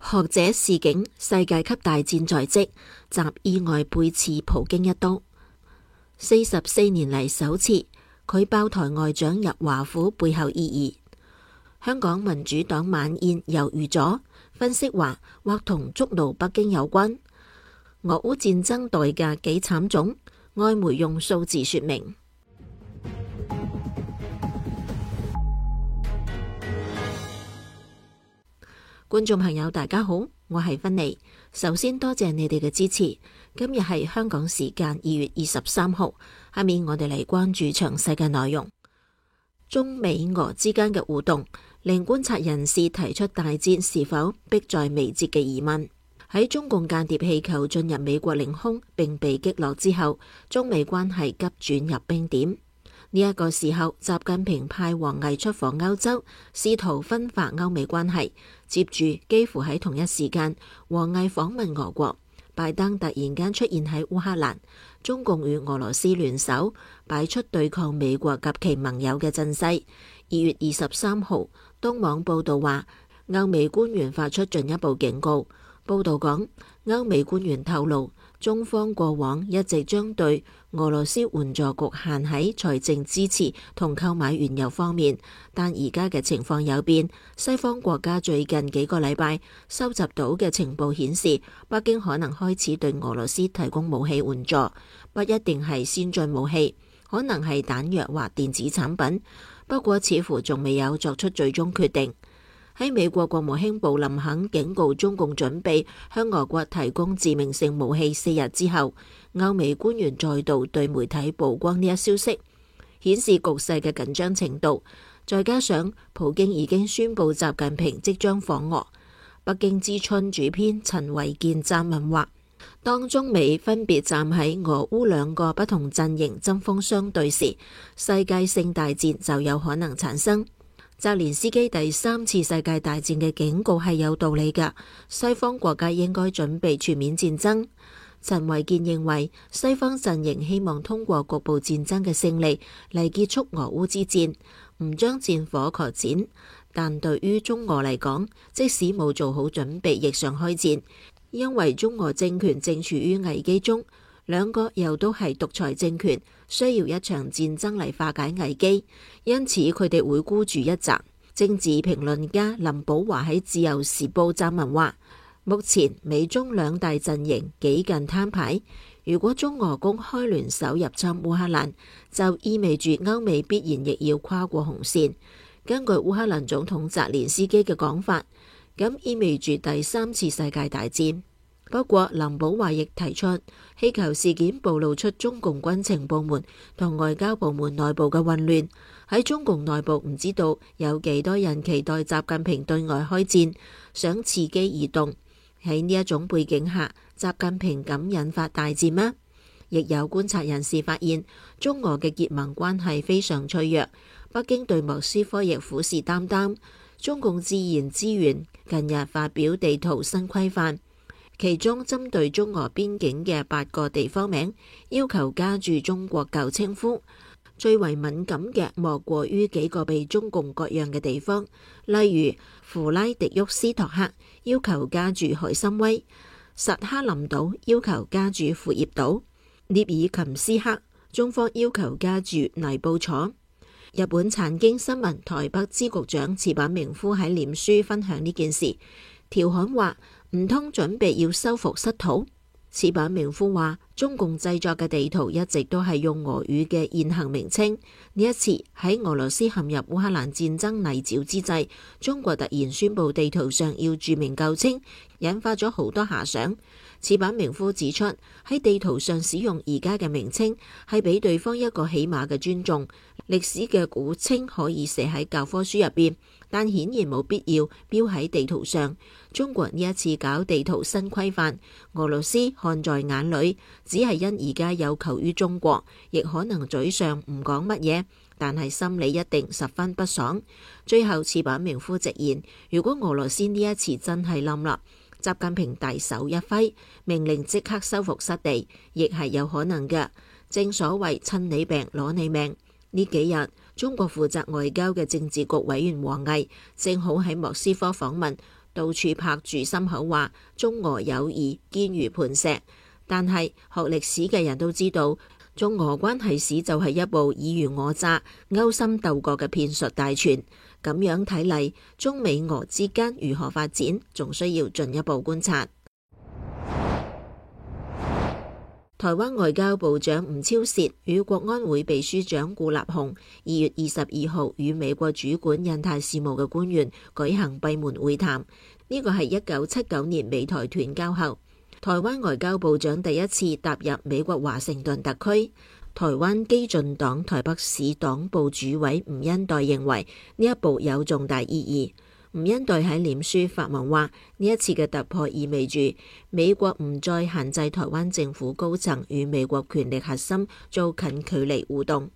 學者示警：世界級大戰在即，習意外背刺普京一刀，四十四年嚟首次佢爆台外長入華府，背後意義？香港民主黨晚宴又遇阻，分析話或同觸怒北京有關。俄烏戰爭代價幾慘重？外媒用數字說明。觀眾朋友，大家好，我係芬妮。首先多謝你哋嘅支持。今日係香港時間二月二十三號，下面我哋嚟關注詳細嘅內容。中美俄之間嘅互動令觀察人士提出大戰是否迫在眉睫嘅疑問。喺中共間諜氣球進入美國領空並被擊落之後，中美關係急轉入冰點。呢一個時候，習近平派王毅出訪歐洲，試圖分化歐美關係。接住，幾乎喺同一時間，王毅訪問俄國，拜登突然間出現喺烏克蘭，中共與俄羅斯聯手擺出對抗美國及其盟友嘅陣勢。二月二十三號東網報道話，歐美官員發出進一步警告。報道講，歐美官員透露。中方過往一直將對俄羅斯援助局限喺財政支持同購買原油方面，但而家嘅情況有變。西方國家最近幾個禮拜收集到嘅情報顯示，北京可能開始對俄羅斯提供武器援助，不一定係先進武器，可能係彈藥或電子產品。不過，似乎仲未有作出最終決定。喺美國國務卿布林肯警告中共準備向俄國提供致命性武器四日之後，歐美官員再度對媒體曝光呢一消息，顯示局勢嘅緊張程度。再加上普京已經宣布習近平即將訪俄，北京之春主編陳維健撰文話，當中美分別站喺俄烏兩個不同陣營針鋒相對時，世界性大戰就有可能產生。澤連斯基第三次世界大戰嘅警告係有道理噶，西方國家應該準備全面戰爭。陳維健認為，西方陣營希望通過局部戰爭嘅勝利嚟結束俄烏之戰，唔將戰火擴展。但對於中俄嚟講，即使冇做好準備，亦常開戰，因為中俄政權正處於危機中。兩國又都係獨裁政權，需要一場戰爭嚟化解危機，因此佢哋會孤注一擲。政治評論家林保華喺《自由時報》撰文話：目前美中兩大陣營幾近攤牌，如果中俄公開聯手入侵烏克蘭，就意味住歐美必然亦要跨過紅線。根據烏克蘭總統澤連斯基嘅講法，咁意味住第三次世界大戰。不過，林保華亦提出氣球事件暴露出中共軍情部門同外交部門內部嘅混亂。喺中共內部唔知道有幾多人期待習近平對外開戰，想伺機而動。喺呢一種背景下，習近平敢引發大戰嗎？亦有觀察人士發現，中俄嘅結盟關係非常脆弱，北京對莫斯科亦虎視眈眈。中共自然資源近日發表地圖新規範。其中針對中俄邊境嘅八個地方名，要求加注中國舊稱呼。最為敏感嘅莫過於幾個被中共割讓嘅地方，例如弗拉迪沃斯托克要求加注海參崴，薩哈林島要求加注庫頁島，涅爾琴斯克中方要求加注尼布楚。日本產經新聞台北支局長矢板明夫喺臉書分享呢件事，調侃話，唔通準備要收復失土？此版明夫話，中共製作嘅地圖一直都係用俄語嘅現行名稱，呢一次喺俄羅斯陷入烏克蘭戰爭泥沼之際，中國突然宣布地圖上要注明舊稱，引發咗好多遐想。此版明夫指出，喺地圖上使用而家嘅名稱，係俾對方一個起碼嘅尊重。歷史嘅古稱可以寫喺教科書入邊，但顯然冇必要標喺地圖上。中國呢一次搞地圖新規範，俄羅斯看在眼裏，只係因而家有求於中國，亦可能嘴上唔講乜嘢，但係心理一定十分不爽。最後次把名夫直言：如果俄羅斯呢一次真係冧啦，習近平大手一揮，命令即刻收復失地，亦係有可能嘅。正所謂趁你病攞你命。呢幾日，中國負責外交嘅政治局委員王毅正好喺莫斯科訪問，到處拍住心口話中俄友誼堅如磐石。但係學歷史嘅人都知道，中俄關係史就係一部爾虞我詐、勾心鬥角嘅騙術大全。咁樣睇嚟，中美俄之間如何發展，仲需要進一步觀察。台灣外交部長吳釗燮與國安會秘書長顧立雄二月二十二號與美國主管印太事務嘅官員舉行閉門會談，呢個係一九七九年美台斷交後，台灣外交部長第一次踏入美國華盛頓特區。台灣基進黨台北市黨部主委吳欣岱認為呢一步有重大意義。吳恩岱喺臉書發文話：呢一次嘅突破意味住美國唔再限制台灣政府高層與美國權力核心做近距離互動。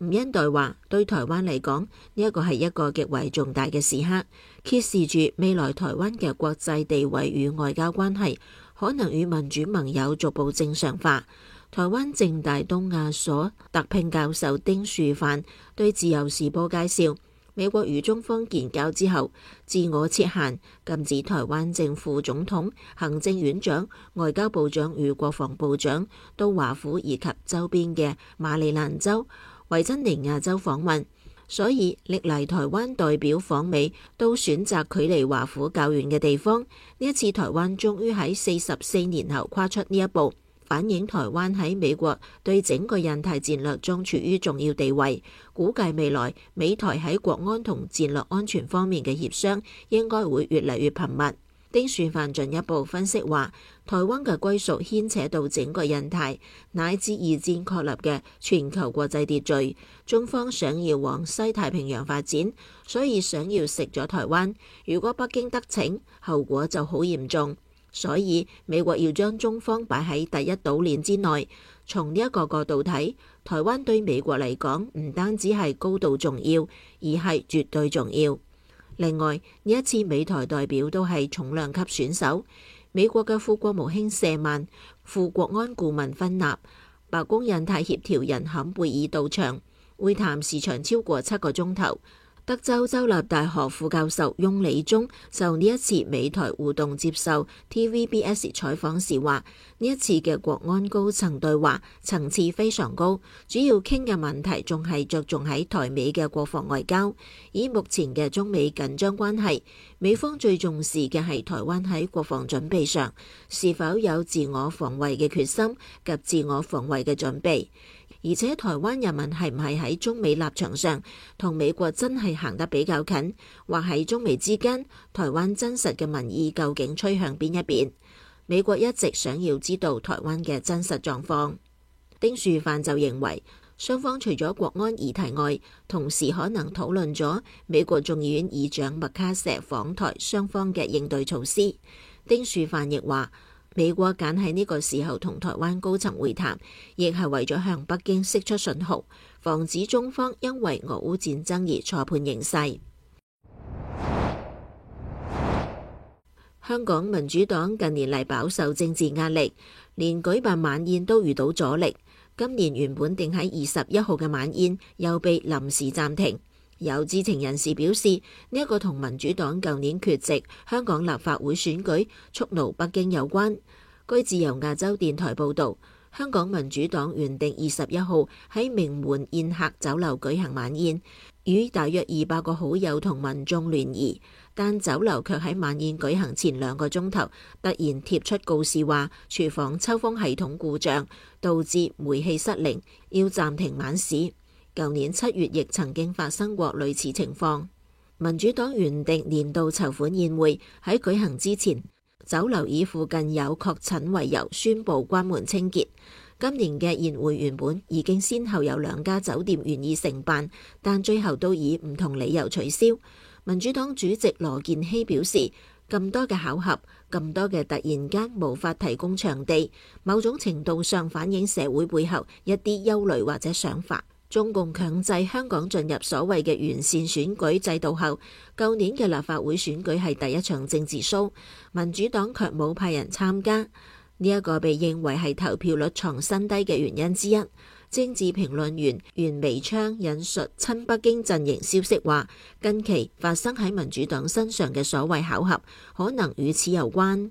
吳恩岱話：對台灣嚟講，呢一個係一個極為重大嘅時刻，揭示住未來台灣嘅國際地位與外交關係可能與民主盟友逐步正常化。台灣政大東亞所特聘教授丁樹範對自由時報介紹。美國與中方建交之後，自我設限禁止台灣正副總統、行政院長、外交部長與國防部長到華府以及周邊嘅馬里蘭州、維珍尼亞州訪問，所以歷嚟台灣代表訪美都選擇距離華府較遠嘅地方。呢一次，台灣終於喺四十四年後跨出呢一步。反映台灣喺美國對整個印太戰略中處於重要地位，估計未來美台喺國安同戰略安全方面嘅協商應該會越嚟越頻密。丁樹範進一步分析話，台灣嘅歸屬牽扯到整個印太乃至二戰確立嘅全球國際秩序，中方想要往西太平洋發展，所以想要食咗台灣，如果北京得逞，後果就好嚴重。所以美國要將中方擺喺第一島鏈之內，從呢一個角度睇，台灣對美國嚟講唔單止係高度重要，而係絕對重要。另外呢一次美台代表都係重量級選手，美國嘅副國務卿謝曼、副國安顧問芬納、白宮印太協調人坎貝爾到場，會談時長超過七個鐘頭。德州州立大學副教授翁理忠就呢一次美台互動接受 TVBS 採訪時話：呢一次嘅國安高層對話層次非常高，主要傾嘅問題仲係着重喺台美嘅國防外交。以目前嘅中美緊張關係，美方最重視嘅係台灣喺國防準備上是否有自我防衛嘅決心及自我防衛嘅準備。而且台灣人民係唔係喺中美立場上同美國真係行得比較近，或喺中美之間台灣真實嘅民意究竟吹向邊一邊，美國一直想要知道台灣嘅真實狀況。丁樹範就認為雙方除咗國安議題外，同時可能討論咗美國眾議院議長麥卡錫訪台，雙方嘅應對措施。丁樹範亦話。美國揀喺呢個時候同台灣高層會談，亦係為咗向北京釋出信號，防止中方因為俄烏戰爭而錯判形勢。 香港民主黨近年嚟飽受政治壓力，連舉辦晚宴都遇到阻力。今年原本定喺二十一號嘅晚宴，又被臨時暫停。有知情人士表示，呢一個同民主黨舊年缺席香港立法會選舉觸怒北京有關。據自由亞洲電台報道，香港民主黨原定二十一號喺名門宴客酒樓舉行晚宴，與大約二百個好友同民眾聯誼，但酒樓卻喺晚宴舉行前兩個鐘頭突然貼出告示，話廚房抽風系統故障，導致煤氣失靈，要暫停晚市。舊年七月亦曾經發生過類似情況。民主黨原定年度籌款宴會喺舉行之前，酒樓以附近有確診為由宣布關門清潔。今年嘅宴會原本已經先後有兩家酒店願意承辦，但最後都以唔同理由取消。民主黨主席羅健熙表示，咁多嘅巧合，咁多嘅突然間無法提供場地，某種程度上反映社會背後一啲憂慮或者想法。中共強制香港進入所謂嘅完善選舉制度後，舊年嘅立法會選舉係第一場政治騷，民主黨卻冇派人參加，呢一個被認為係投票率創新低嘅原因之一。政治評論員袁彌昌引述親北京陣營消息話，近期發生喺民主黨身上嘅所謂巧合，可能與此有關。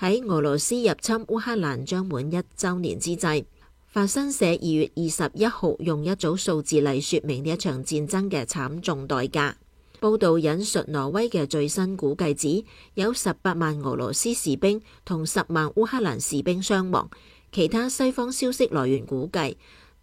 喺俄羅斯入侵烏克蘭將滿一周年之際，法新社二月二十一號用一組數字嚟說明呢一場戰爭嘅慘重代價。報道引述挪威嘅最新估計指，有十八萬俄羅斯士兵同十萬烏克蘭士兵傷亡。其他西方消息來源估計，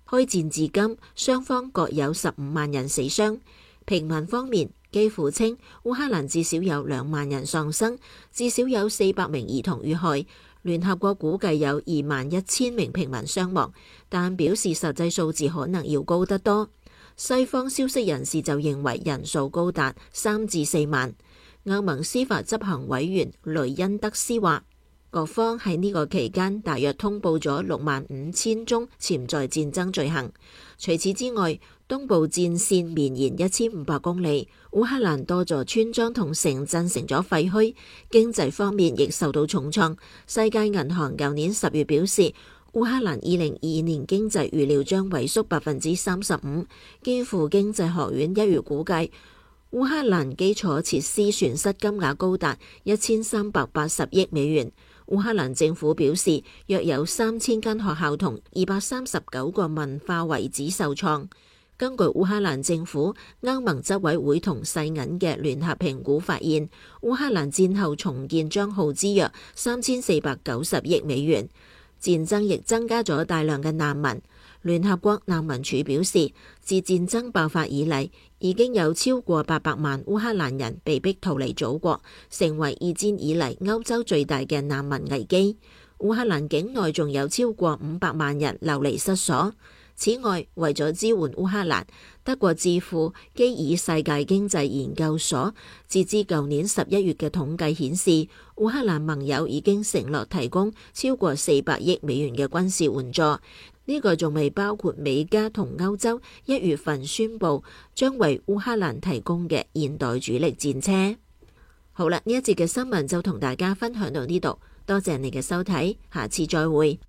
開戰至今，雙方各有十五萬人死傷。平民方面，基輔稱烏克蘭至少有兩萬人喪生，至少有四百名兒童遇害。聯合國估計有二萬一千名平民傷亡，但表示實際數字可能要高得多。西方消息人士就認為人數高達三至四萬。歐盟司法執行委員雷恩德斯話：各方喺呢個期間大約通報咗六萬五千宗潛在戰爭罪行。除此之外，東部戰線綿延一千五百公里，烏克蘭多座村莊同城鎮成咗廢墟，經濟方面亦受到重創。世界銀行舊年十月表示，烏克蘭二零二二年經濟預料將萎縮百分之三十五。基輔經濟學院一月估計，烏克蘭基礎設施損失金額高達一千三百八十億美元。烏克蘭政府表示，約有三千間學校同二百三十九個文化遺址受創。根據烏克蘭政府、歐盟執委會同世銀嘅聯合評估發現，烏克蘭戰後重建將耗資約三千四百九十億美元。戰爭亦增加咗大量嘅難民。聯合國難民署表示，自戰爭爆發以嚟，已經有超過八百萬烏克蘭人被迫逃離祖國，成為二戰以嚟歐洲最大嘅難民危機。烏克蘭境內仲有超過五百萬人流離失所。此外，為咗支援烏克蘭，德國智庫基爾世界經濟研究所截至舊年十一月嘅統計顯示，烏克蘭盟友已經承諾提供超過四百億美元嘅軍事援助。呢、這個仲未包括美加同歐洲一月份宣布將為烏克蘭提供嘅現代主力戰車。好啦，呢一節嘅新聞就同大家分享到呢度，多謝你嘅收睇，下次再會。